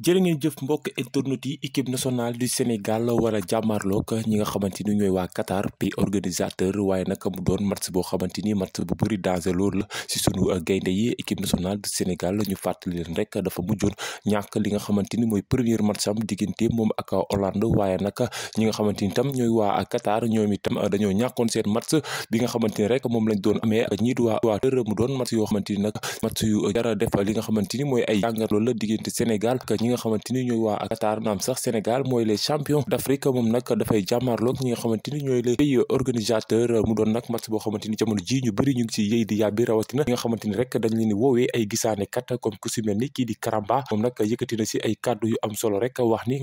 jërë ngeen jëf mbokk internautes yi équipe nationale du Sénégal war a jàmmarloog ñi nga xamante ni ñooy waa Qatar pays organisateur waaye nag mu doon match boo xamante ni match bu bëri danger loolu la si sunu gaynde yi équipe nationale Sénégal ñu fàttali leen rek dafa mujjoon ñàkk li nga xamante ni mooy premier match am diggante moom ak Hollande waaye nag ñi nga xamante ni tam ñooy waa Qatar ñoom itam dañoo ñàkkoon seen match bi nga xamante ni rek moom lañ doon amee ñii di waa waa mu doon match yoo xamante ni nag match yu jara def li nga xamante ni mooy ay jàngat loolu la diggante Sénégal nga xamante ni ñooy waa a Qatar naam sax Sénégal mooy les champions d'Afrique moom nag dafay jàmmaarloog ñi rek dañ leen rek wax nga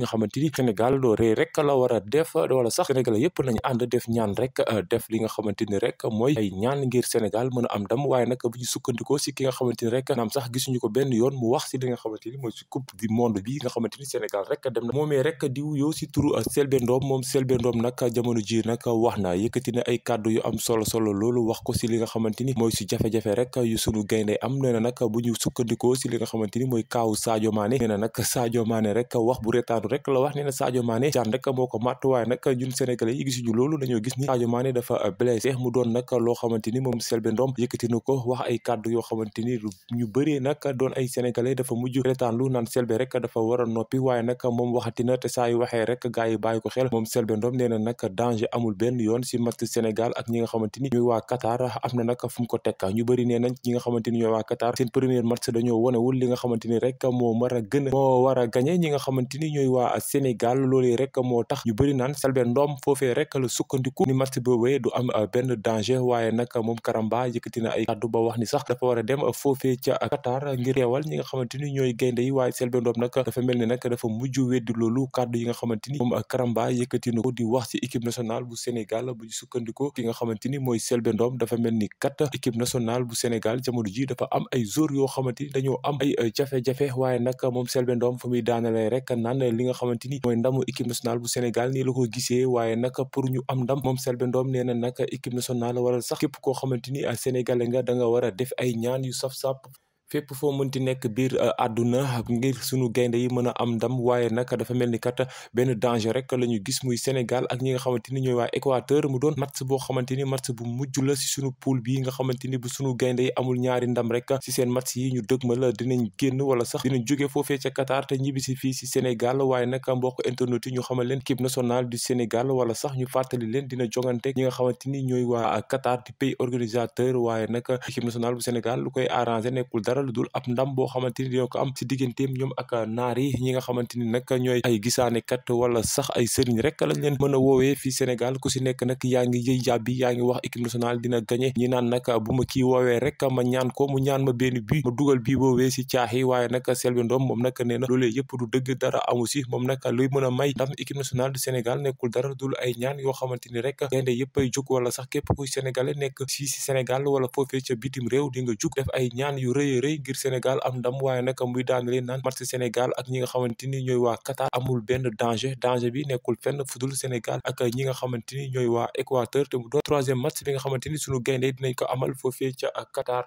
xamante Sénégal a mën a am dam waaye nag bu ñu sukkandikoo si ki nga xamante rek naam sax gisuñu ko benn yoon mu wax si li nga xamante mooy coupe du monde monde bi nga xamante ni Sénégal rek dem na moomee rek di wuyoo si turu Selbé Ndom moom Selbé Ndom nag jamono ji nag wax na yëkkati na ay kàddu yu am solo solo si li nga xamante ni mooy si jafe-jafe rek yu sunu gaynde am nee na nag bu ñu sukkandikoo si li nga xamante ni mooy kaawu na nag Sadio Mané rek wax bu retaanu rek la wax na Sadio Mané jaan rek moo ko màtt waaye nag ñun Sénégalais yi gisuñu loolu dañoo gis ni Sadio Mané ni moom Selbé Ndom yëkkati na ko wax ay kàddu yoo xamante ni ñu bëree nag doon ay Sénégalais dafa mujj retaanlu naan dafa war a noppi waaye nag moom waxati na te saa yu waxee rek gars yi bàyyi ko xel moom Selbé Ndom nee na danger amul benn yoon si match Sénégal ak ñi nga ni ñooy wa Qatar am na nag fu mu ñu bëri nee nañ ñi nga xamante ni ñooy waa Qatar seen premier match dañoo wonewul li nga xamante ni rek moo mar a gën a moo ñooy waa Sénégal loolee rek moo tax ñu bëri naan Selbé rek la sukkandiku ni match boobee du am euh, benn danger waaye nag moom Karamba yëkkati na ay kàddu ba wax ni sax dafa war a dem foofee ca a ngir teewal ñi nga xamante ni ñooy gaynde dafa mel ni nag dafa mujj weddi loolu kàddu yi nga xamante ni moom Karamba yëkkati na ko di wax ci équipe nationale bu Sénégal bu ñu sukkandikoo ki nga xamante ni mooy Selbé Ndom dafa mel ni kat équipe nationale bu Sénégal jamono ji dafa am ay joueurs yoo xamante ni dañoo am ay jafe waaye nag moom Selbé Ndom fa muy daanalee rek naan li nga xamante ni mooy ndamu équipe nationale bu Sénégal nii la ko gisee waaye nag pour ñu am ndam moom Selbé Ndom nee na nag équipe nationale wala sax képp koo xamante ni Sénégalais nga da nga war a def ay ñaan yu saf-saf fépp foo ti nekk biir euh, ak ngir sunu gaynde yi mën a am ndam waaye nag dafa mel ni kat benn danger rek la ñu gis muy Sénégal ak ñi nga xamante ni ñooy waa Équateur mu doon match boo xamante ni match bu mujj la si sunu pool bi nga xamante ni bu sunu gaynde yi amul ñaari ndam rek si seen match yi ñu dëgmal dinañ génn wala sax dinañ jóge foofee ca Qatar te fii si Sénégal waaye nag mbokk internet yi ñu xamal leen équipe nationale du Sénégal wala sax ñu fàttali leen dina jogante ñi nga xamante ni ñooy waa Qatar di pays organisateur waaye nag équipe nationale bu Sénégal lu koy arrangé nekkul dara dara lu dul ab ndam boo xamante ni dina ko am si digganteem ñoom ak naar yi ñi nga xamante ni nag ñooy ay gisaanekat wala sax ay sëriñ rek lañ leen mën a woowee fii Sénégal ku si nekk nag yaa ngi yëy yàbbi ngi wax équipe nationale dina gagné ñi naan nag bu ma kii woowee rek ma ñaan ko ñaan ma benn bi ma dugal bii boobee si caaxi waaye nag Selbé Ndom moom nag nee na loolee du dëgg dara amu si moom nag luy mën a may ndam équipe nationale du Sénégal nekkul dara dul ay ñaan yoo xamante ni rek gaynde yëpp ay jóg wala sax képp kuy sénégalais nekk fii si Sénégal wala foofee ca ñaan yu rëy rëy ngir Sénégal am ndam waaye nag muy daane leen naan match Sénégal ak ñi nga xamante ni ñooy waa Qatar benn danger danger bi nekkul fenn fudul Sénégal ak ñi nga xamante ni ñooy waa Équateur te mu doon troisième match bi nga xamante ni sunu gaynde dinañ ko amal foofee ca Qatar